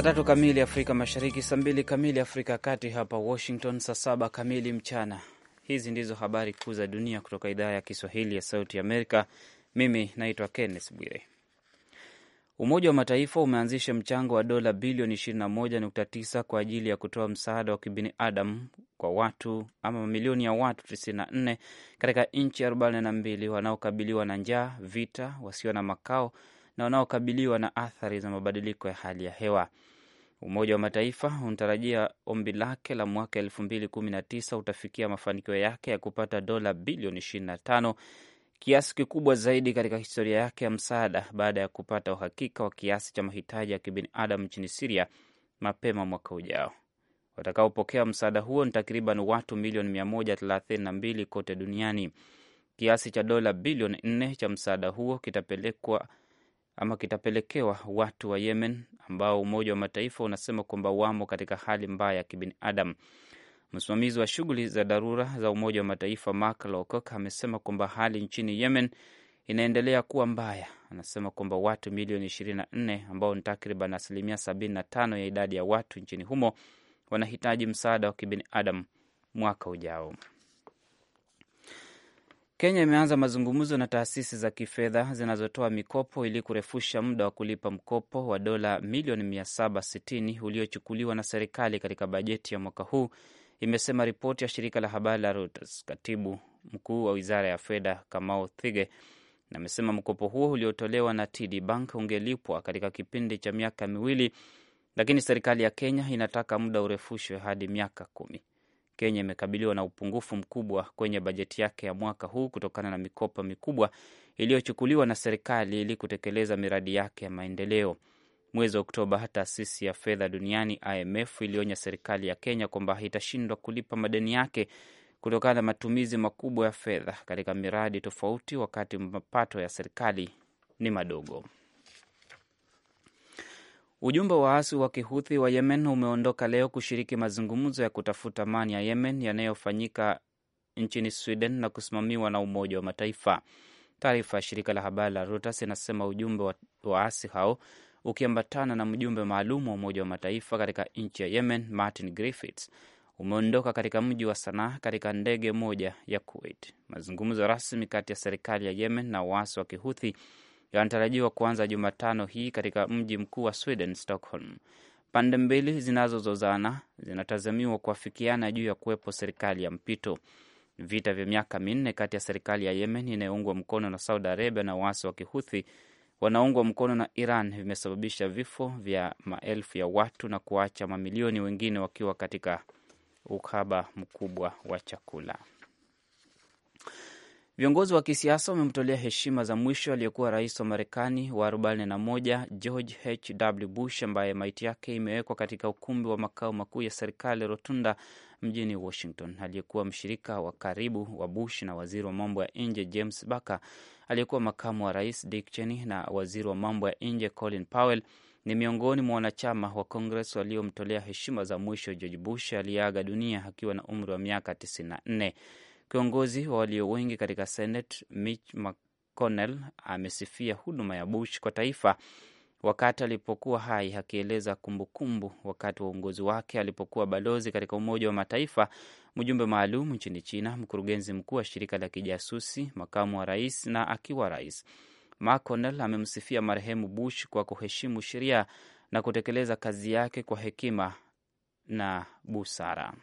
Saa tatu kamili Afrika Mashariki, saa mbili kamili Afrika ya Kati, hapa Washington saa saba kamili mchana. Hizi ndizo habari kuu za dunia kutoka idhaa ya Kiswahili ya Sauti Amerika. Mimi naitwa Kenneth Bwire. Umoja wa Mataifa umeanzisha mchango wa dola bilioni 21.9 kwa ajili ya kutoa msaada wa kibinadamu kwa watu ama mamilioni ya watu 94 katika nchi 42 wanaokabiliwa na njaa, vita, wasio na makao na wanaokabiliwa na athari za mabadiliko ya hali ya hewa. Umoja wa Mataifa unatarajia ombi lake la mwaka 2019 utafikia mafanikio yake ya kupata dola bilioni 25, kiasi kikubwa zaidi katika historia yake ya msaada baada ya kupata uhakika wa kiasi cha mahitaji ya kibinadamu nchini Siria mapema mwaka ujao. Watakaopokea msaada huo ni takriban watu milioni 132 kote duniani. Kiasi cha dola bilioni 4 cha msaada huo kitapelekwa ama kitapelekewa watu wa Yemen ambao Umoja wa Mataifa unasema kwamba wamo katika hali mbaya ya kibinadamu. Msimamizi wa shughuli za dharura za Umoja wa Mataifa Mark Lowcock amesema kwamba hali nchini Yemen inaendelea kuwa mbaya. Anasema kwamba watu milioni 24 ambao ni takriban asilimia 75 ya idadi ya watu nchini humo wanahitaji msaada wa kibinadamu mwaka ujao. Kenya imeanza mazungumzo na taasisi za kifedha zinazotoa mikopo ili kurefusha muda wa kulipa mkopo wa dola milioni 760 uliochukuliwa na serikali katika bajeti ya mwaka huu, imesema ripoti ya shirika la habari la Reuters. Katibu mkuu wa wizara ya fedha Kamau Thige amesema mkopo huo uliotolewa na TD Bank ungelipwa katika kipindi cha miaka miwili, lakini serikali ya Kenya inataka muda urefushwe hadi miaka kumi. Kenya imekabiliwa na upungufu mkubwa kwenye bajeti yake ya mwaka huu kutokana na mikopo mikubwa iliyochukuliwa na serikali ili kutekeleza miradi yake ya maendeleo. Mwezi wa Oktoba, taasisi ya fedha duniani IMF ilionya serikali ya Kenya kwamba itashindwa kulipa madeni yake kutokana na matumizi makubwa ya fedha katika miradi tofauti, wakati mapato ya serikali ni madogo. Ujumbe wa waasi wa kihuthi wa Yemen umeondoka leo kushiriki mazungumzo ya kutafuta amani ya Yemen yanayofanyika nchini Sweden na kusimamiwa na Umoja wa Mataifa. Taarifa ya shirika la habari la Reuters inasema ujumbe wa waasi hao ukiambatana na mjumbe maalum wa Umoja wa Mataifa katika nchi ya Yemen, Martin Griffiths, umeondoka katika mji wa Sanaa katika ndege moja ya Kuwait. Mazungumzo rasmi kati ya serikali ya Yemen na waasi wa kihuthi yanatarajiwa kuanza Jumatano hii katika mji mkuu wa Sweden, Stockholm. Pande mbili zinazozozana zinatazamiwa kuafikiana juu ya kuwepo serikali ya mpito. Vita vya miaka minne kati ya serikali ya Yemen inayoungwa mkono na Saudi Arabia na waasi wa Kihuthi wanaungwa mkono na Iran vimesababisha vifo vya maelfu ya watu na kuacha mamilioni wengine wakiwa katika uhaba mkubwa wa chakula. Viongozi wa kisiasa wamemtolea heshima za mwisho aliyekuwa rais wa Marekani wa 41 George H W Bush, ambaye maiti yake imewekwa katika ukumbi wa makao makuu ya serikali Rotunda mjini Washington. Aliyekuwa mshirika wa karibu wa Bush na waziri wa mambo ya nje James Baker, aliyekuwa makamu wa rais Dick Cheney na waziri wa mambo ya nje Colin Powell ni miongoni mwa wanachama wa Kongres waliomtolea heshima za mwisho George Bush aliyeaga dunia akiwa na umri wa miaka 94. Kiongozi wa walio wengi katika Senate Mitch McConnell amesifia huduma ya Bush kwa taifa wakati alipokuwa hai, akieleza kumbukumbu wakati wa uongozi wake alipokuwa balozi katika Umoja wa Mataifa, mjumbe maalum nchini China, mkurugenzi mkuu wa shirika la kijasusi, makamu wa rais na akiwa rais. McConnell amemsifia marehemu Bush kwa kuheshimu sheria na kutekeleza kazi yake kwa hekima na busara.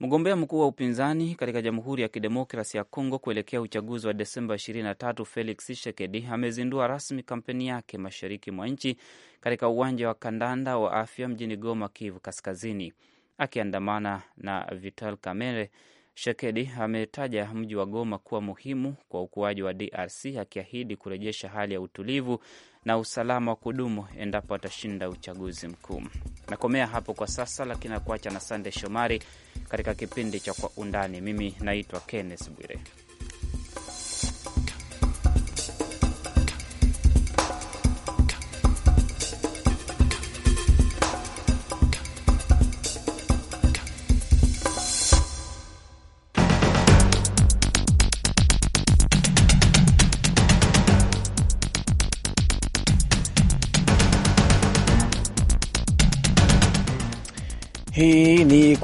Mgombea mkuu wa upinzani katika Jamhuri ya Kidemokrasi ya Kongo kuelekea uchaguzi wa Desemba 23, Felix Tshisekedi amezindua rasmi kampeni yake mashariki mwa nchi katika uwanja wa kandanda wa afya mjini Goma, Kivu Kaskazini. Akiandamana na Vital Kamerhe, Shekedi ametaja mji wa Goma kuwa muhimu kwa ukuaji wa DRC, akiahidi kurejesha hali ya utulivu na usalama wa kudumu endapo atashinda uchaguzi mkuu. Nakomea hapo kwa sasa, lakini nakuacha na Sande Shomari katika kipindi cha Kwa Undani. Mimi naitwa Kenneth Bwire.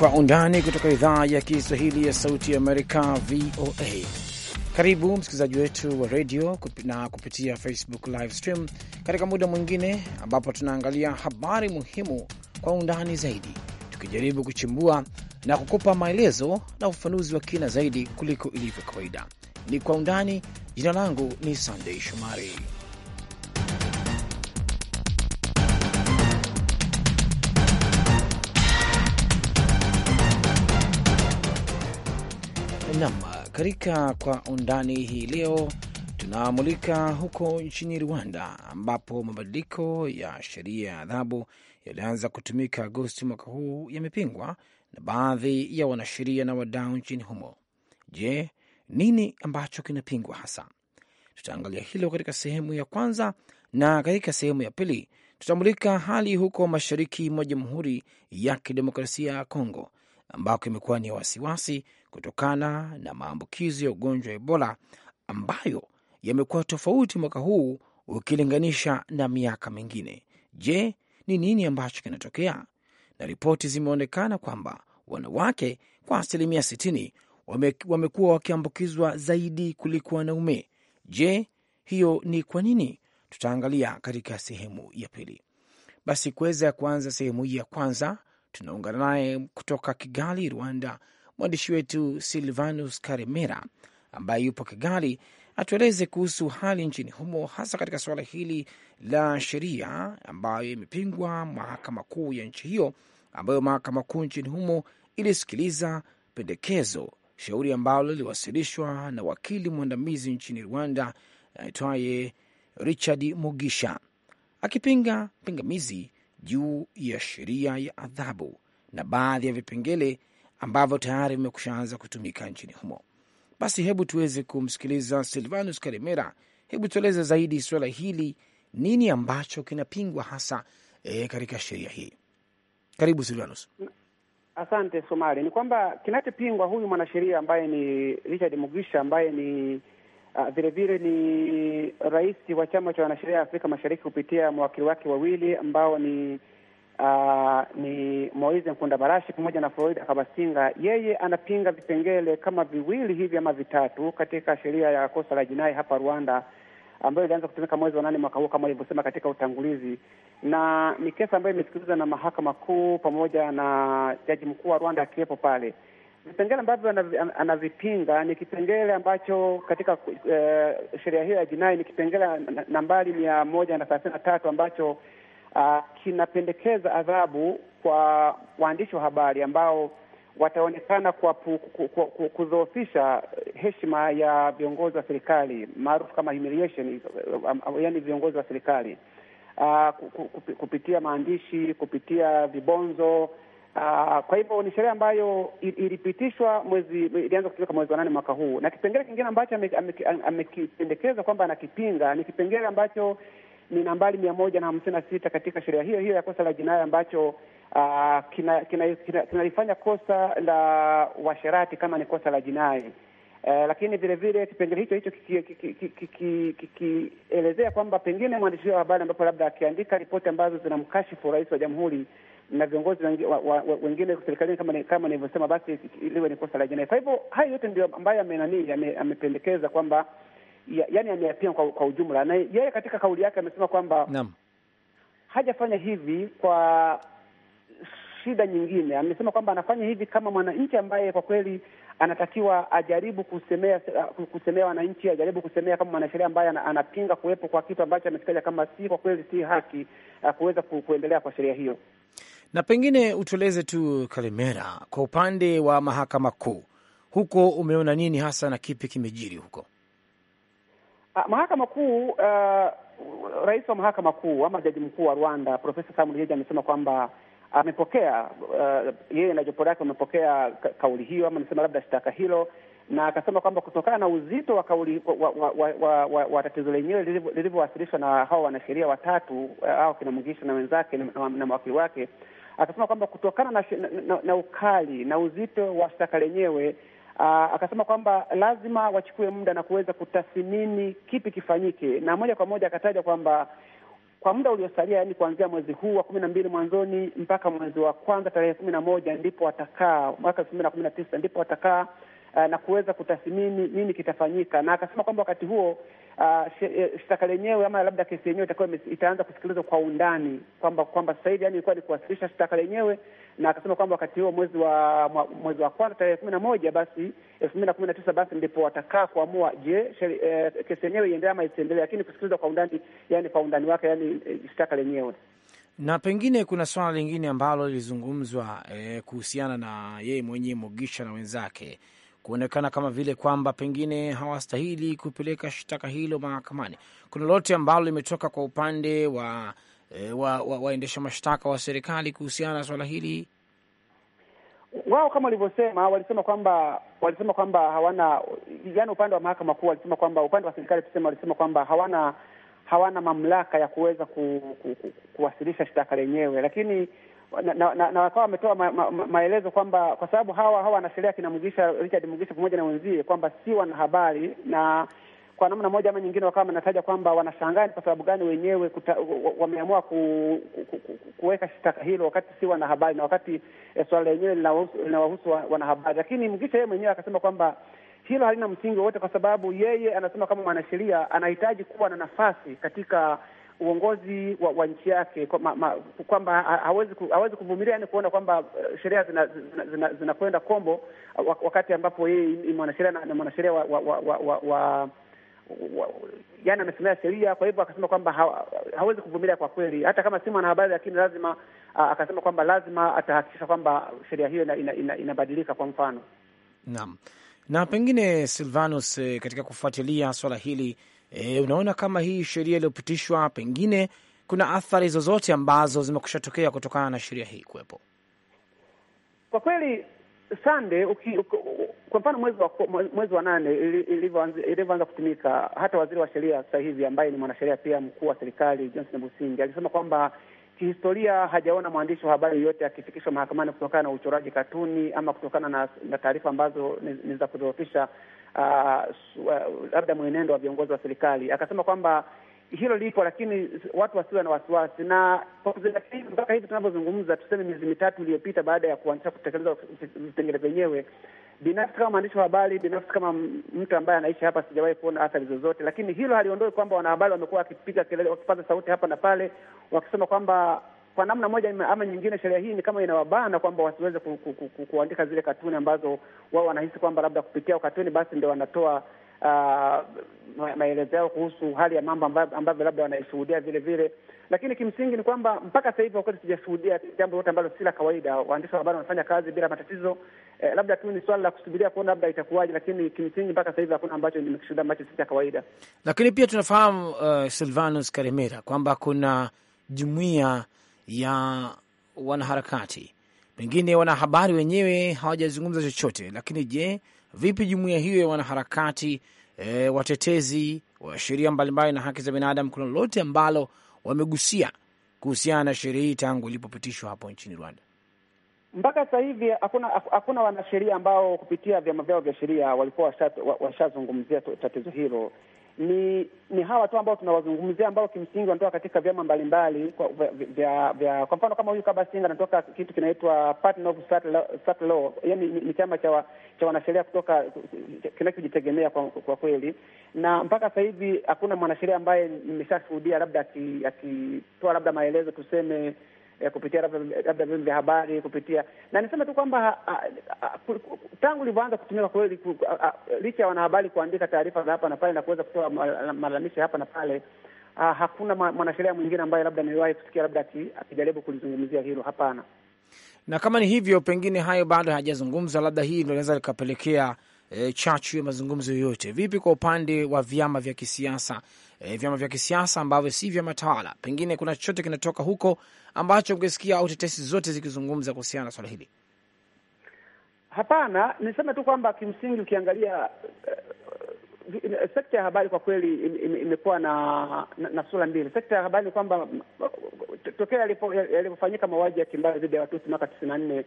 Kwa Undani kutoka idhaa ya Kiswahili ya Sauti ya Amerika, VOA. Karibu msikilizaji wetu wa redio na kupitia Facebook live stream katika muda mwingine ambapo tunaangalia habari muhimu kwa undani zaidi, tukijaribu kuchimbua na kukupa maelezo na ufafanuzi wa kina zaidi kuliko ilivyo kawaida. Ni Kwa Undani. Jina langu ni Sandei Shomari. Nam, katika kwa undani hii leo tunamulika huko nchini Rwanda, ambapo mabadiliko ya sheria ya adhabu yalianza kutumika Agosti mwaka huu yamepingwa na baadhi ya wanasheria na wadau nchini humo. Je, nini ambacho kinapingwa hasa? Tutaangalia hilo katika sehemu ya kwanza, na katika sehemu ya pili tutamulika hali huko mashariki mwa Jamhuri ya Kidemokrasia ya Kongo ambako imekuwa ni wasiwasi kutokana na maambukizi ya ugonjwa wa Ebola ambayo yamekuwa tofauti mwaka huu ukilinganisha na miaka mingine. Je, ni nini ambacho kinatokea? Na ripoti zimeonekana kwamba wanawake kwa asilimia 60 wamekuwa wakiambukizwa zaidi kuliko wanaume. Je, hiyo ni kwa nini? Tutaangalia katika sehemu ya pili. Basi kuweza kuanza sehemu hii ya kwanza Tunaungana naye kutoka Kigali, Rwanda, mwandishi wetu Silvanus Karemera ambaye yupo Kigali atueleze kuhusu hali nchini humo, hasa katika suala hili la sheria ambayo imepingwa mahakama kuu ya nchi hiyo, ambayo mahakama kuu nchini humo ilisikiliza pendekezo shauri ambalo liliwasilishwa na wakili mwandamizi nchini Rwanda aitwaye Richard Mugisha akipinga pingamizi juu ya sheria ya adhabu na baadhi ya vipengele ambavyo tayari vimekushaanza kutumika nchini humo. Basi hebu tuweze kumsikiliza Silvanus Karimera. Hebu tueleze zaidi suala hili, nini ambacho kinapingwa hasa e, katika sheria hii? Karibu Silvanus. Asante Somali. Ni kwamba kinachopingwa huyu mwanasheria ambaye ni Richard Mugisha ambaye ni Vilevile ah, ni rais wa chama cha wanasheria ya Afrika Mashariki kupitia mawakili wake wawili ambao ni Uh, ni Moise Nkunda Barashi pamoja na Floyd Kabasinga. Yeye anapinga vipengele kama viwili hivi ama vitatu katika sheria ya kosa la jinai hapa Rwanda ambayo ilianza kutumika mwezi wa nane mwaka huu kama alivyosema katika utangulizi, na ni kesi ambayo imesikilizwa na mahakama kuu pamoja na jaji mkuu wa Rwanda akiwepo pale. Vipengele ambavyo anavipinga ni kipengele ambacho katika eh, sheria hiyo ya jinai ni kipengele nambari mia moja na thelathini na tatu ambacho ah, kinapendekeza adhabu kwa waandishi wa habari ambao wataonekana kwa kudhoofisha heshima ya viongozi wa serikali maarufu kama humiliation, eh, viongozi wa serikali uh, kupitia maandishi, kupitia vibonzo Ah, kwa hivyo ni sheria ambayo ilipitishwa mwezi, ilianza kutumika mwezi wa nane mwaka huu, na kipengele kingine ambacho amekipendekeza kwamba anakipinga ni kipengele ambacho ni nambari mia moja na hamsini na sita katika sheria hiyo hiyo ya kosa la jinai ambacho kinalifanya ah, kina, kina, kina kosa la uasherati kama ni kosa la jinai uh, lakini vile vile kipengele hicho hicho kikielezea kwamba pengine mwandishi wa habari ambapo labda akiandika ripoti ambazo zinamkashifu rais wa jamhuri na viongozi wengine serikalini, kama kama nilivyosema, basi liwe ni kosa la jinai. Kwa hivyo hayo yote ndio ambayo amenani amependekeza kwamba yani ameyapinga kwa, kwa ujumla, na yeye katika kauli yake amesema kwamba naam, hajafanya hivi kwa shida nyingine. Amesema kwamba anafanya hivi kama mwananchi ambaye kwa kweli anatakiwa ajaribu kusemea kusemea wananchi, ajaribu kusemea kama mwanasheria ambaye anapinga kuwepo kwa kitu ambacho amekitaja kama si kwa kweli si haki eh, kuweza kuendelea kwa sheria hiyo. Na pengine utueleze tu, Kalimera, kwa upande wa mahakama kuu huko umeona nini hasa na kipi kimejiri huko? Ah, mahakama kuu uh, rais wa mahakama kuu ama jaji mkuu wa Rwanda Profesa Samuel Jeje amesema kwamba amepokea uh, yeye na jopo lake wamepokea ka kauli hiyo ama amesema labda shtaka hilo, na akasema kwamba kutokana na uzito wa kauli wa, wa, wa, wa, wa, tatizo lenyewe lilivyowasilishwa na hawa wanasheria watatu au uh, hao kina Mugisha na wenzake na, na, na mawakili wake akasema kwamba kutokana na, na, na ukali na uzito wa shtaka lenyewe Uh, akasema kwamba lazima wachukue muda na kuweza kutathmini kipi kifanyike, na moja kwa moja akataja kwamba kwa muda uliosalia, yani kuanzia mwezi huu wa kumi na mbili mwanzoni mpaka mwezi wa kwanza tarehe kumi na moja ndipo watakaa mwaka elfu mbili na kumi na tisa ndipo watakaa uh, na kuweza kutathmini nini kitafanyika, na akasema kwamba wakati huo uh, shtaka lenyewe ama labda kesi yenyewe itakuwa itaanza kusikilizwa kwa undani, kwamba kwamba sasa hivi yani ilikuwa ni kuwasilisha shtaka lenyewe, na akasema kwamba wakati huo mwezi wa mwezi wa kwanza tarehe kumi na moja basi elfu mbili na kumi na tisa basi ndipo watakaa kuamua, je, eh, kesi yenyewe iendelee ama isiendelee, lakini kusikilizwa kwa undani, yani kwa undani wake, yani eh, shtaka lenyewe na pengine kuna swala lingine ambalo lilizungumzwa eh, kuhusiana na yeye mwenyewe Mogisha na wenzake kuonekana kama vile kwamba pengine hawastahili kupeleka shtaka hilo mahakamani. Kuna lote ambalo limetoka kwa upande wa waendesha wa, wa mashtaka wa serikali kuhusiana na swala hili? Wao kama walivyosema, walisema kwamba walisema kwamba hawana, yani upande wa mahakama kuu walisema kwamba, upande wa serikali tusema, walisema kwamba hawana hawana mamlaka ya kuweza ku, ku, ku, kuwasilisha shtaka lenyewe, lakini na, na, na, wakawa wametoa ma, ma, ma, maelezo kwamba kwa sababu hawa hawa wanasheria kina Mugisha Richard Mugisha pamoja na wenzie kwamba si wanahabari na kwa namna moja ama nyingine wakawa wanataja kwamba wanashangaa ni kwa sababu gani wenyewe wameamua ku, ku, ku, kuweka shtaka hilo wakati si wanahabari na wakati eh, suala lenyewe linawahusu wanahabari. Lakini Mgisha yeye mwenyewe akasema kwamba hilo halina msingi wowote, kwa sababu yeye anasema kama mwanasheria anahitaji kuwa na nafasi katika uongozi wa, wa nchi yake kwamba hawezi, hawezi kuvumilia yani kuona kwamba uh, sheria zinakwenda zina, zina, zina kombo uh, wakati ambapo yeye ni mwanasheria na mwanasheria wa, wa, wa, wa, wa yani amesemea sheria. Kwa hivyo akasema kwamba ha, hawezi kuvumilia kwa kweli, hata kama si mwanahabari, lakini lazima uh, akasema kwamba lazima atahakikisha kwamba sheria hiyo inabadilika ina, ina, ina kwa mfano. Naam, na pengine Silvanus, eh, katika kufuatilia swala hili E, unaona kama hii sheria iliyopitishwa pengine kuna athari zozote ambazo zimekusha tokea kutokana na sheria hii kuwepo? Kwa kweli sande, kwa mfano mwezi wa mwezi wa nane ilivyoanza kutumika, hata waziri wa sheria sasa hivi ambaye ni mwanasheria pia mkuu wa serikali Johnson busingi alisema kwamba Kihistoria hajaona mwandishi wa habari yoyote akifikishwa mahakamani kutokana na uchoraji katuni ama kutokana na, na taarifa ambazo ni za kudhoofisha uh, labda mwenendo wa viongozi wa serikali. Akasema kwamba hilo lipo, lakini watu wasiwe na wasiwasi. Na kwa kuzingatia mpaka hivi tunavyozungumza, tuseme miezi mitatu iliyopita, baada ya kuanzisha kutekeleza vipengele vyenyewe, Binafsi kama mwandishi wa habari, binafsi kama mtu ambaye anaishi hapa, sijawahi kuona athari zozote, lakini hilo haliondoi kwamba wanahabari wamekuwa wakipiga kelele, wakipaza sauti hapa na pale, wakisema kwamba kwa namna moja ama nyingine sheria hii ni kama inawabana kwamba wasiweze ku, ku, ku, kuandika zile katuni ambazo wao wanahisi kwamba labda kupitia katuni basi ndio wanatoa uh, ah, maelezo yao kuhusu hali ya mambo ambavyo labda wanaishuhudia vile vile, lakini kimsingi ni kwamba mpaka sasa hivi wakati sijashuhudia jambo lote ambalo si la kawaida. Waandishi wa habari wanafanya kazi bila matatizo eh, labda tu ni swala la kusubiria kuona labda itakuwaje, lakini kimsingi mpaka sasa hivi hakuna ambacho nimekishuhudia ambacho si cha kawaida. Lakini pia tunafahamu uh, Silvanus Karemera kwamba kuna jumuiya ya wanaharakati pengine wanahabari wenyewe hawajazungumza chochote, lakini je, Vipi jumuiya hiyo ya wanaharakati e, watetezi wa sheria mbalimbali na haki za binadamu, kuna lolote ambalo wamegusia kuhusiana na sheria hii tangu ilipopitishwa hapo nchini Rwanda? Mpaka sasa hivi hakuna hakuna wanasheria ambao kupitia vyama vyao vya sheria walikuwa washazungumzia tatizo hilo, ni ni hawa tu ambao tunawazungumzia ambao kimsingi wanatoka katika vyama mbalimbali vya vya, kwa mfano kama huyu Kabasinga anatoka kitu kinaitwa Partner of yaani ni chama cha cha wanasheria kutoka kinachojitegemea kwa, kwa kweli, na mpaka sasa hivi hakuna mwanasheria ambaye nimeshashuhudia labda akitoa labda maelezo tuseme eh, kupitia labda vyombo vya habari, kupitia na niseme tu kwamba ah, ah, tangu ilivyoanza kutumika kweli, ah, licha ya wanahabari kuandika taarifa za hapa na pale na kuweza kutoa malalamisho hapa na pale, hakuna mwanasheria mwingine ambaye labda niliwahi kusikia labda akijaribu kulizungumzia hilo. Hapana. Na kama ni hivyo, pengine hayo bado hayajazungumza, labda hii ndio inaweza likapelekea E, chachu ya mazungumzo yoyote. Vipi kwa upande wa vyama vya kisiasa E, vyama vya kisiasa ambavyo si vyama tawala, pengine kuna chochote kinatoka huko ambacho mkisikia au tetesi zote zikizungumza kuhusiana na swala hili? Hapana, niseme tu kwamba kimsingi ukiangalia uh, sekta ya habari kwa kweli imekuwa na, na, na sura mbili. Sekta ya habari ni kwamba eh, tokea yalipofanyika mauaji ya kimbari dhidi ya Watusi mwaka tisini na nne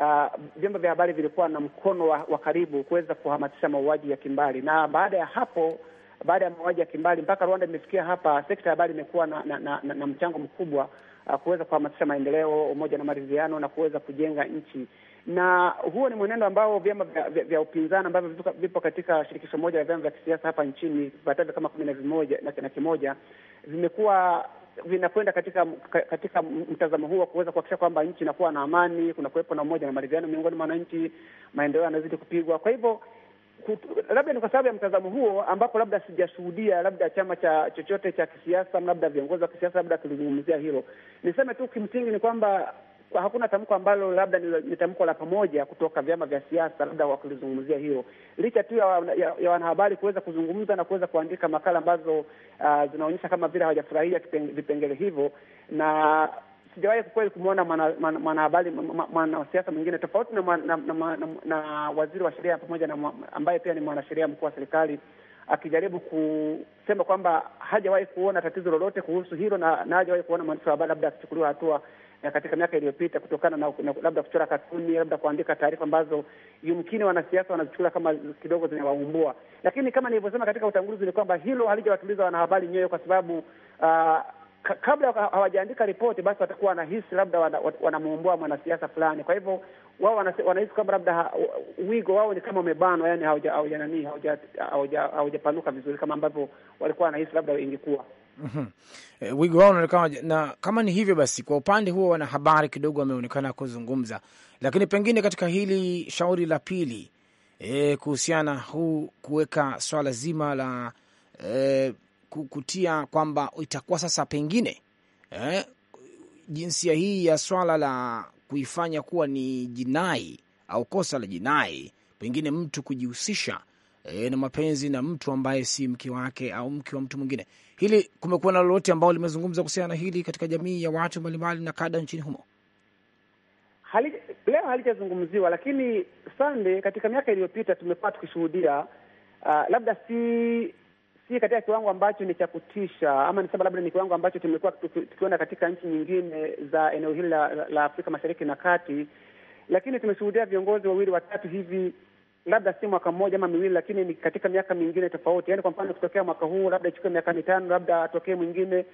ah, vyombo vya habari vilikuwa na mkono wa, wa karibu kuweza kuhamasisha mauaji ya kimbari, na baada ya hapo baada ya mauaji ya kimbali mpaka Rwanda imefikia hapa, sekta ya habari imekuwa na, na, na, na, na mchango mkubwa uh, kuweza kuhamasisha maendeleo, umoja na maridhiano na kuweza kujenga nchi na huo ni mwenendo ambao vyama vya, vya, vya upinzani ambavyo vipo katika shirikisho moja la vyama vya kisiasa hapa nchini vipatavyo kama kumi na vimoja na kimoja vimekuwa vinakwenda katika katika mtazamo huu wa kuweza kuhakikisha kwamba nchi inakuwa na amani, kuna kuwepo na umoja na maridhiano miongoni mwa wananchi, maendeleo yanazidi kupigwa. Kwa hivyo labda ni kwa sababu ya mtazamo huo, ambapo labda sijashuhudia labda chama cha chochote cha kisiasa, labda viongozi wa kisiasa labda kilizungumzia hilo. Niseme tu kimsingi ni kwamba hakuna tamko ambalo labda ni tamko la pamoja kutoka vyama vya siasa labda wakilizungumzia hilo licha tu ya, ya, ya wanahabari kuweza kuzungumza na kuweza kuandika makala ambazo uh, zinaonyesha kama vile hawajafurahia vipengele hivyo, na sijawahi kweli kumwona mwanahabari mwanasiasa mwingine tofauti na waziri wa sheria pamoja na ambaye pia ni mwanasheria mkuu wa serikali akijaribu kusema kwamba hajawahi kuona tatizo lolote kuhusu hilo na, na hajawahi kuona mwandishi wa habari labda akichukuliwa hatua katika miaka iliyopita kutokana na, na labda kuchora katuni, labda kuandika taarifa ambazo yumkini wanasiasa wanazichukula kama kidogo zinawaumbua. Lakini kama nilivyosema katika utangulizi, ni kwamba hilo halijawatuliza wanahabari nyewe, kwa sababu uh, kabla hawajaandika ripoti, basi watakuwa wanahisi labda wanamuomboa wana mwanasiasa fulani. Kwa hivyo wao wanahisi kwamba labda wigo wao ni kama umebanwa, yani hauja nani, haujapanuka vizuri kama ambavyo walikuwa wanahisi labda ingekuwa Mm -hmm. E, wigo wao unaonekana na kama ni hivyo basi, kwa upande huo wanahabari kidogo wameonekana kuzungumza, lakini pengine katika hili shauri la pili e, kuhusiana huu kuweka swala zima la e, kutia kwamba itakuwa sasa pengine eh, jinsia hii ya swala la kuifanya kuwa ni jinai au kosa la jinai, pengine mtu kujihusisha eh, na mapenzi na mtu ambaye si mke wake au mke wa mtu mwingine. Hili kumekuwa na lolote ambao limezungumza kuhusiana na hili katika jamii ya watu mbalimbali na kada nchini humo? Hali, leo halijazungumziwa, lakini Sande, katika miaka iliyopita tumekuwa tukishuhudia uh, labda si si katika kiwango ambacho ni cha kutisha, ama nisema labda ni kiwango ambacho tumekuwa tukiona katika nchi nyingine za eneo hili la, la Afrika Mashariki na Kati, lakini tumeshuhudia viongozi wawili watatu hivi, labda si mwaka mmoja ama miwili, lakini ni katika miaka mingine tofauti. Yani kwa mfano kutokea mwaka huu, labda ichukue miaka mitano, labda atokee mwingine.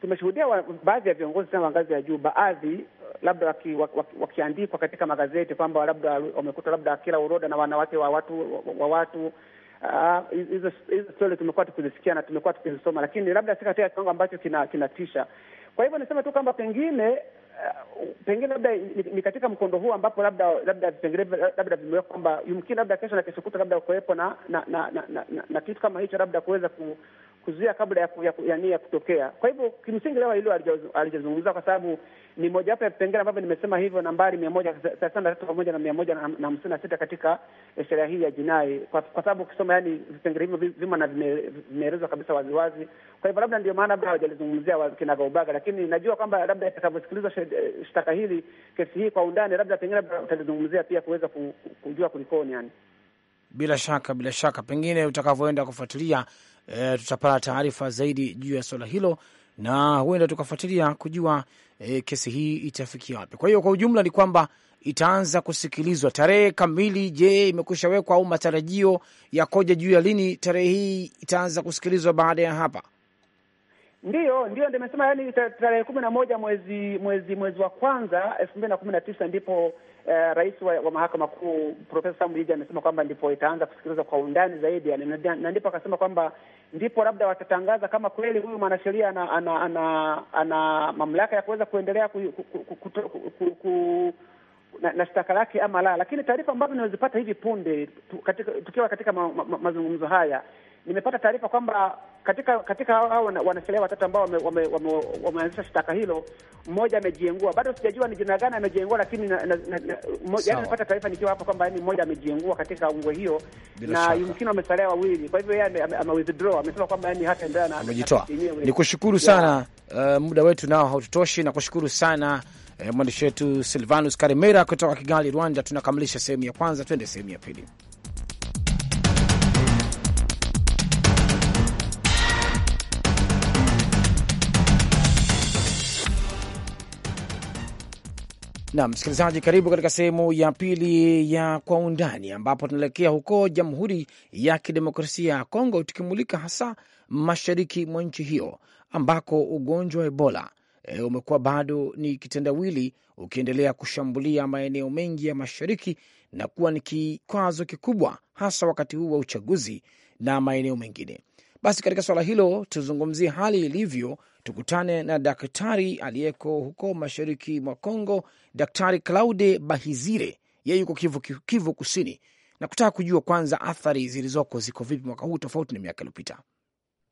Tumeshuhudia baadhi ya viongozi sana wa ngazi ya juu, baadhi labda wakiandikwa waki, waki katika magazeti kwamba labda wamekuta labda kila uroda na wanawake wa watu wa watu Ah, hizo uh, stori tumekuwa tukizisikia na tumekuwa tukizisoma, lakini labda si katika kiwango ambacho kinatisha kina. Kwa hivyo nisema tu kwamba pengine uh, pengine labda ni, ni katika mkondo huu ambapo labda labda vipengele labda vimewekwa kwamba yumkini labda kesho na kesho kuta labda kuwepo na na, na, na, na, na, na kitu kama hicho labda kuweza ku, kuzuia kabla ya, ya, ya, ya kutokea. Kwa hivyo kimsingi leo hilo alijazungumza kwa sababu ni mojawapo ya vipengele ambavyo nimesema hivyo, nambari mia moja thelathini na tatu pamoja na mia moja na hamsini na sita katika eh, sheria hii ya jinai, kwa kwa sababu ukisoma, yani vipengele hivyo vima na vimeelezwa kabisa waziwazi. Kwa hivyo labda ndio maana labda hawajalizungumzia kinagaubaga, lakini najua kwamba labda itakavyosikilizwa eh, shtaka hili, kesi hii kwa undani, labda pengine utalizungumzia pia kuweza kujua kulikoni yani bila shaka bila shaka, pengine utakavyoenda kufuatilia e, tutapata taarifa zaidi juu ya swala hilo na huenda tukafuatilia kujua e, kesi hii itafikia wapi. Kwa hiyo kwa ujumla ni kwamba itaanza kusikilizwa tarehe kamili. Je, imekwisha wekwa au matarajio yakoje juu ya lini tarehe hii itaanza kusikilizwa baada ya hapa? Ndiyo, ndio ndimesema yani tarehe kumi na moja mwezi mwezi mwezi wa kwanza elfu mbili na kumi na tisa ndipo Eh, rais wa, wa mahakama kuu Profesa Sam amesema kwamba ndipo itaanza kusikilizwa kwa undani zaidi yani, na ndipo akasema kwamba ndipo labda watatangaza kama kweli huyu mwanasheria ana, ana, ana, ana mamlaka ya kuweza kuendelea ku, ku, ku, ku, ku, ku, na, na shtaka lake ama la. Lakini taarifa ambazo nimezipata hivi punde tukiwa katika mazungumzo ma, ma, haya nimepata taarifa kwamba katika katika hao wanasheria watatu ambao wameanzisha wame, wame, wame shtaka hilo, mmoja amejiengua. Bado sijajua ni jina gani amejiengua, lakini yaani nimepata taarifa nikiwa hapa kwamba yani mmoja amejiengua katika ungwe hiyo, na yumkini wamesalia wawili. Kwa hivyo yeye ame withdraw, amesema kwamba yani endelea na amejitoa. Nikushukuru kushukuru sana yeah. Uh, muda wetu nao haututoshi, na kushukuru sana uh, mwandishi wetu Silvanus Karimera kutoka Kigali, Rwanda. Tunakamilisha sehemu ya kwanza, twende sehemu ya pili. Na msikilizaji, karibu katika sehemu ya pili ya Kwa Undani, ambapo tunaelekea huko Jamhuri ya Kidemokrasia ya Kongo, tukimulika hasa mashariki mwa nchi hiyo ambako ugonjwa wa Ebola e, umekuwa bado ni kitendawili ukiendelea kushambulia maeneo mengi ya mashariki na kuwa ni kikwazo kikubwa, hasa wakati huu wa uchaguzi na maeneo mengine. Basi katika swala hilo tuzungumzie hali ilivyo, tukutane na daktari aliyeko huko mashariki mwa Kongo, Daktari Claude Bahizire, yeye yuko Kivu, Kivu Kusini, na kutaka kujua kwanza athari zilizoko ziko vipi mwaka huu tofauti na miaka iliyopita.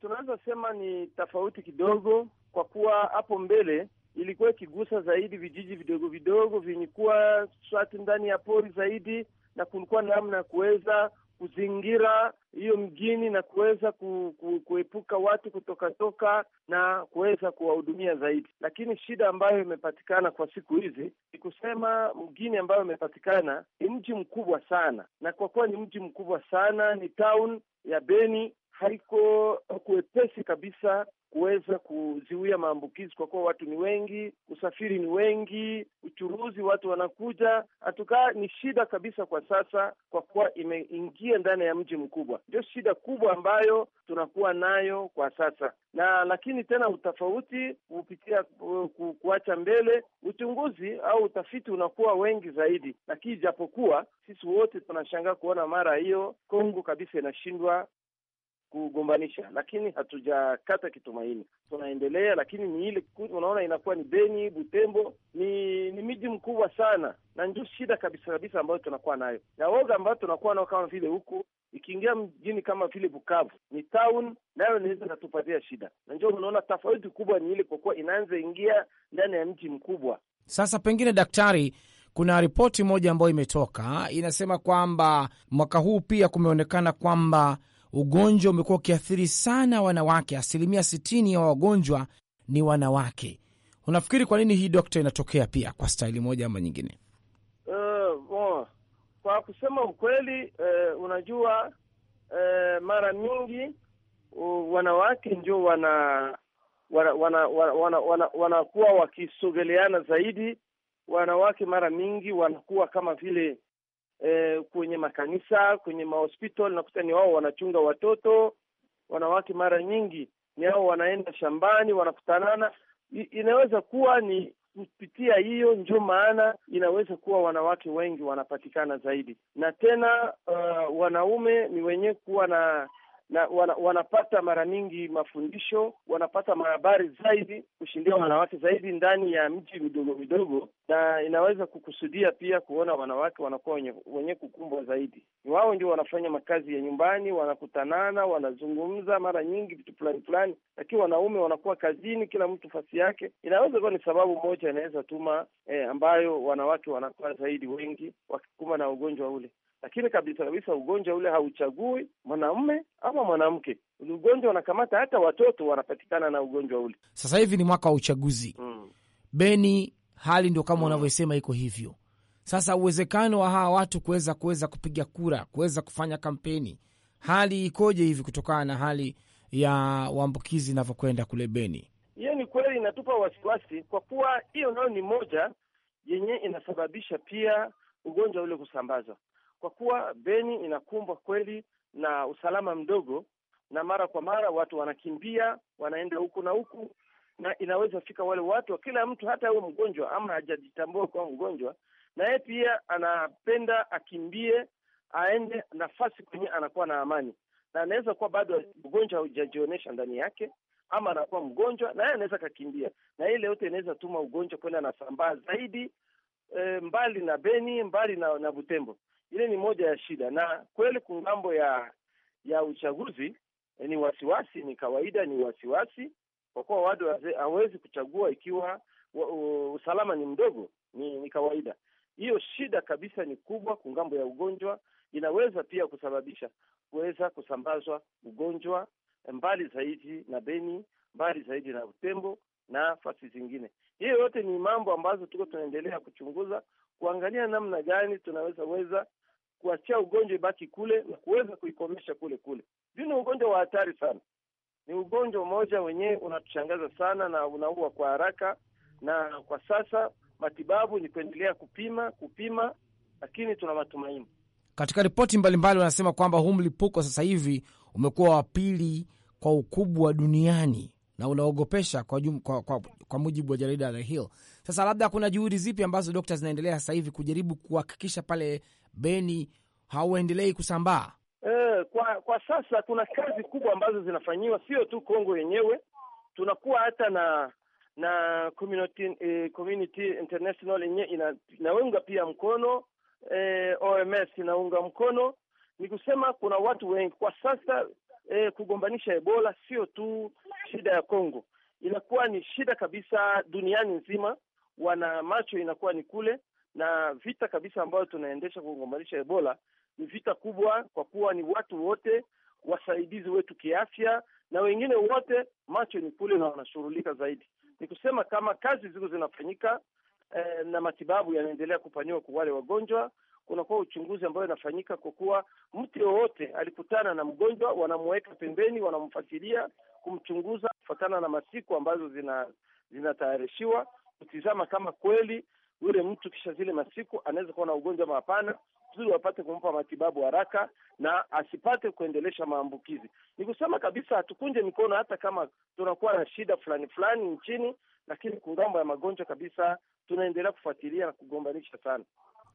Tunaweza sema ni tofauti kidogo, kwa kuwa hapo mbele ilikuwa ikigusa zaidi vijiji vidogo vidogo vyenye kuwa swati ndani ya pori zaidi, na kulikuwa namna ya kuweza kuzingira hiyo mjini na kuweza ku, ku, kuepuka watu kutokatoka na kuweza kuwahudumia zaidi. Lakini shida ambayo imepatikana kwa siku hizi ni kusema mjini ambayo imepatikana ni mji mkubwa sana, na kwa kuwa ni mji mkubwa sana, ni town ya Beni haiko kuepesi kabisa kuweza kuziwia maambukizi kwa kuwa watu ni wengi, usafiri ni wengi, uchuruzi, watu wanakuja, hatukaa. Ni shida kabisa kwa sasa, kwa kuwa imeingia ndani ya mji mkubwa. Ndio shida kubwa ambayo tunakuwa nayo kwa sasa, na lakini tena utofauti kupitia uh, kuacha mbele uchunguzi au utafiti unakuwa wengi zaidi, lakini ijapokuwa sisi wote tunashangaa kuona mara hiyo Kongo kabisa inashindwa kugombanisha, lakini hatujakata kitumaini, tunaendelea. Lakini ni ile unaona inakuwa ni Beni, Butembo, ni ni miji mkubwa sana, na ndio shida kabisa kabisa ambayo tunakuwa nayo na woga ambayo tunakuwa nao, kama vile huku ikiingia mjini kama vile Bukavu ni town nayo inaweza natupatia shida, na ndio unaona tofauti kubwa ni ile kwa kuwa inaanza ingia ndani ya mji mkubwa. Sasa pengine, daktari, kuna ripoti moja ambayo imetoka inasema kwamba mwaka huu pia kumeonekana kwamba ugonjwa umekuwa ukiathiri sana wanawake. Asilimia 60 ya wagonjwa ni wanawake. Unafikiri kwa nini hii dokta, inatokea pia kwa staili moja ama nyingine? Uh, oh, kwa kusema ukweli, uh, unajua uh, mara nyingi uh, wanawake ndio wana wanakuwa wana, wana, wana, wana wakisogeleana zaidi. Wanawake mara mingi wanakuwa kama vile e, kwenye makanisa, kwenye mahospital nakuta ni wao wanachunga watoto. Wanawake mara nyingi ni hao wanaenda shambani, wanakutanana. inaweza kuwa ni kupitia hiyo ndio maana inaweza kuwa wanawake wengi wanapatikana zaidi, na tena uh, wanaume ni wenye kuwa na na wana, wanapata mara nyingi mafundisho, wanapata mahabari zaidi kushindia wanawake zaidi ndani ya mji midogo midogo, na inaweza kukusudia pia kuona wanawake wanakuwa wenye, wenye kukumbwa zaidi. Ni wao ndio wanafanya makazi ya nyumbani, wanakutanana, wanazungumza mara nyingi vitu fulani fulani, lakini wanaume wanakuwa kazini, kila mtu fasi yake. Inaweza kuwa ni sababu moja inaweza tuma eh, ambayo wanawake wanakuwa zaidi wengi wakikuma na ugonjwa ule lakini kabisa kabisa ugonjwa ule hauchagui mwanamume ama mwanamke, ugonjwa unakamata hata watoto wanapatikana na ugonjwa ule. Sasa hivi ni mwaka wa uchaguzi mm. Beni hali ndio kama mm. iko hivyo. Sasa uwezekano wa hawa watu kuweza kuweza kupiga kura, kuweza kufanya kampeni, hali ikoje hivi kutokana na hali ya uambukizi inavyokwenda kule Beni? Hiyo ni kweli inatupa wasiwasi, kwa kuwa hiyo nayo ni moja yenye inasababisha pia ugonjwa ule kusambazwa kwa kuwa Beni inakumbwa kweli na usalama mdogo, na mara kwa mara watu wanakimbia wanaenda huku na huku, na inaweza fika wale watu kila mtu, hata huyo mgonjwa ama hajajitambua kuwa mgonjwa, na yeye pia anapenda akimbie aende nafasi kwenye anakuwa na amani, na anaweza kuwa bado mgonjwa haujajionyesha ndani yake, ama anakuwa mgonjwa na yeye anaweza akakimbia, na ile yote inaweza tuma ugonjwa kwenda nasambaa zaidi e, mbali na Beni, mbali na, na Butembo. Ile ni moja ya shida, na kweli kungambo ya ya uchaguzi eh, ni wasiwasi, ni kawaida, ni wasiwasi kwa kuwa watu hawezi kuchagua ikiwa usalama ni mdogo, ni, ni kawaida. Hiyo shida kabisa ni kubwa kungambo ya ugonjwa, inaweza pia kusababisha kuweza kusambazwa ugonjwa eh, mbali zaidi na Beni, mbali zaidi na utembo na fasi zingine. Hiyo yote ni mambo ambazo tuko tunaendelea kuchunguza, kuangalia namna gani tunaweza weza kuachia ugonjwa ibaki kule na kuweza kuikomesha kule kule. Ni ugonjwa wa hatari sana, ni ugonjwa mmoja wenyewe unatushangaza sana na unaua kwa haraka, na kwa sasa matibabu ni kuendelea kupima kupima, lakini tuna matumaini. Katika ripoti mbalimbali wanasema kwamba huu mlipuko sasa hivi umekuwa wa pili kwa ukubwa duniani na unaogopesha kwa, kwa, kwa, kwa mujibu wa jarida la Hill. Sasa labda kuna juhudi zipi ambazo dokta zinaendelea sasa hivi kujaribu kuhakikisha pale Beni hauendelei kusambaa? E, kwa kwa sasa kuna kazi kubwa ambazo zinafanyiwa, sio tu Kongo yenyewe, tunakuwa hata na na community, eh, community international ina, inaunga pia mkono eh, OMS inaunga mkono. Ni kusema kuna watu wengi kwa sasa eh, kugombanisha Ebola sio tu shida ya Kongo, inakuwa ni shida kabisa duniani nzima, wana macho inakuwa ni kule na vita kabisa ambayo tunaendesha kugombanisha Ebola ni vita kubwa, kwa kuwa ni watu wote wasaidizi wetu kiafya na wengine wote macho ni kule na wanashughulika zaidi. Ni kusema kama kazi ziko zinafanyika eh, na matibabu yanaendelea kufanyiwa kwa wale wagonjwa. Kunakuwa uchunguzi ambayo inafanyika kwa kuwa mtu yoyote alikutana na mgonjwa, wanamuweka pembeni, wanamfatilia kumchunguza kufatana na masiku ambazo zina- zinatayarishiwa kutizama kama kweli yule mtu kisha zile masiku anaweza kuwa na ugonjwa mapana zuri wapate kumpa matibabu haraka na asipate kuendelesha maambukizi. Ni kusema kabisa hatukunje mikono, hata kama tunakuwa na shida fulani fulani nchini, lakini kungambo ya magonjwa kabisa tunaendelea kufuatilia na kugombanisha sana.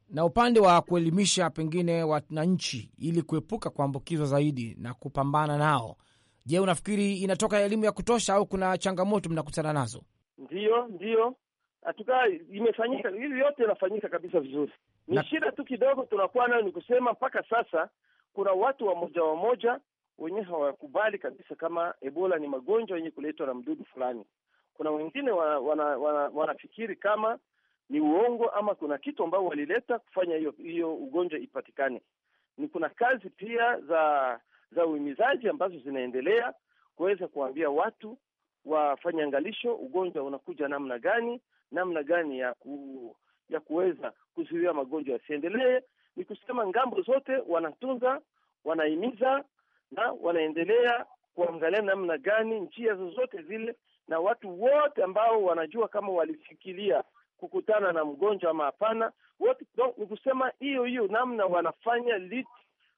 Na upande wa kuelimisha pengine wananchi ili kuepuka kuambukizwa zaidi na kupambana nao, je, unafikiri inatoka elimu ya kutosha au kuna changamoto mnakutana nazo? Ndiyo, ndiyo hatukaa imefanyika eh. hili yote inafanyika kabisa vizuri. Ni na... shida tu kidogo tunakuwa nayo ni kusema mpaka sasa kuna watu wamoja wamoja wenyewe hawakubali kabisa kama Ebola ni magonjwa yenye kuletwa na mdudu fulani. Kuna wengine wanafikiri wana, wana, wana kama ni uongo ama kuna kitu ambao walileta kufanya hiyo hiyo ugonjwa ipatikane. Ni kuna kazi pia za za uhimizaji ambazo zinaendelea kuweza kuambia watu wafanye angalisho, ugonjwa unakuja namna gani, namna gani ya ku, ya kuweza kuzuia magonjwa yasiendelee. Ni kusema ngambo zote wanatunza, wanahimiza na wanaendelea kuangalia namna gani njia zozote zile, na watu wote ambao wanajua kama walifikiria kukutana na mgonjwa ama hapana, wote ni kusema hiyo hiyo namna wanafanya lit,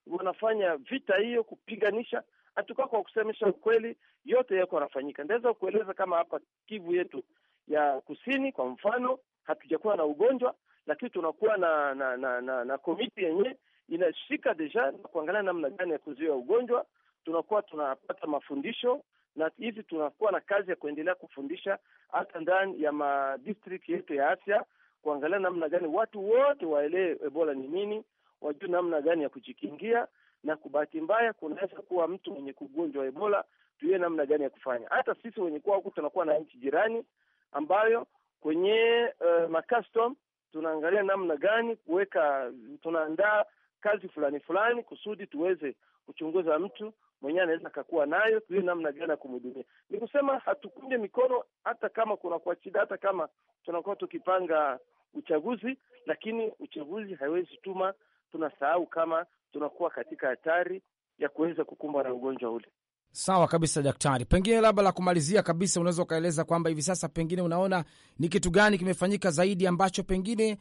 wanafanya vita hiyo kupiganisha hatuka kwa kusemesha ukweli, yote yako wanafanyika Ndaweza kueleza kama hapa Kivu yetu ya kusini kwa mfano, hatujakuwa na ugonjwa, lakini tunakuwa na na na, na, na komiti yenye inashika deja na kuangalia namna gani ya kuzuia ugonjwa. Tunakuwa tunapata mafundisho na hivi tunakuwa na kazi ya kuendelea kufundisha hata ndani ya madistrict yetu ya afya, kuangalia namna gani watu wote waelee Ebola ni nini, wajue namna gani ya kujikingia, na kwa bahati mbaya kunaweza kuwa mtu mwenye kugonjwa Ebola, tuiwe namna gani ya kufanya. Hata sisi wenye kuwa huku tunakuwa na nchi jirani ambayo kwenye uh, eh, macustom tunaangalia namna gani kuweka, tunaandaa kazi fulani fulani kusudi tuweze kuchunguza mtu mwenyewe anaweza akakuwa nayo, tuwe namna gani ya kumhudumia. Ni kusema hatukunje mikono, hata kama kuna kwa shida, hata kama tunakuwa tukipanga uchaguzi, lakini uchaguzi haiwezi tuma tunasahau kama tunakuwa katika hatari ya kuweza kukumbwa na ugonjwa ule. Sawa kabisa daktari, pengine labda la kumalizia kabisa, unaweza ukaeleza kwamba hivi sasa pengine unaona ni kitu gani kimefanyika zaidi ambacho pengine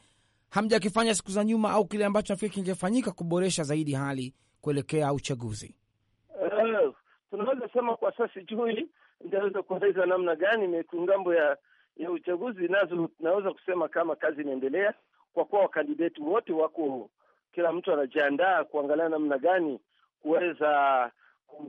hamjakifanya siku za nyuma, au kile ambacho nafikiri kingefanyika kuboresha zaidi hali kuelekea uchaguzi? Uh, tunaweza sema kwa sasa sijui nitaweza kueleza namna gani ngambo ya ya uchaguzi nazo, naweza kusema kama kazi inaendelea kwa kuwa wakandideti wote wako, kila mtu anajiandaa kuangalia namna gani kuweza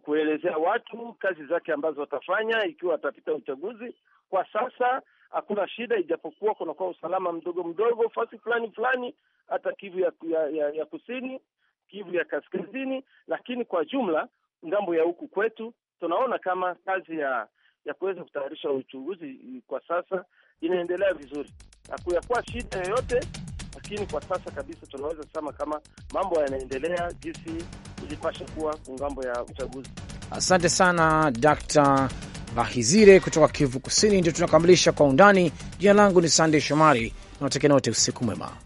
kuelezea watu kazi zake ambazo watafanya ikiwa atapita uchaguzi. Kwa sasa hakuna shida, ijapokuwa kunakuwa usalama mdogo mdogo fasi fulani fulani, hata Kivu ya, ya, ya, ya kusini, Kivu ya kaskazini, lakini kwa jumla ngambo ya huku kwetu tunaona kama kazi ya ya kuweza kutayarisha uchunguzi kwa sasa inaendelea vizuri, hakuyakuwa shida yoyote, lakini kwa sasa kabisa tunaweza sema kama mambo yanaendelea jinsi nipashe kuwa ngambo ya uchaguzi. Asante sana Dr. Bahizire kutoka Kivu Kusini. Ndio tunakamilisha kwa undani. Jina langu ni Sandey Shomari na wote usiku mwema.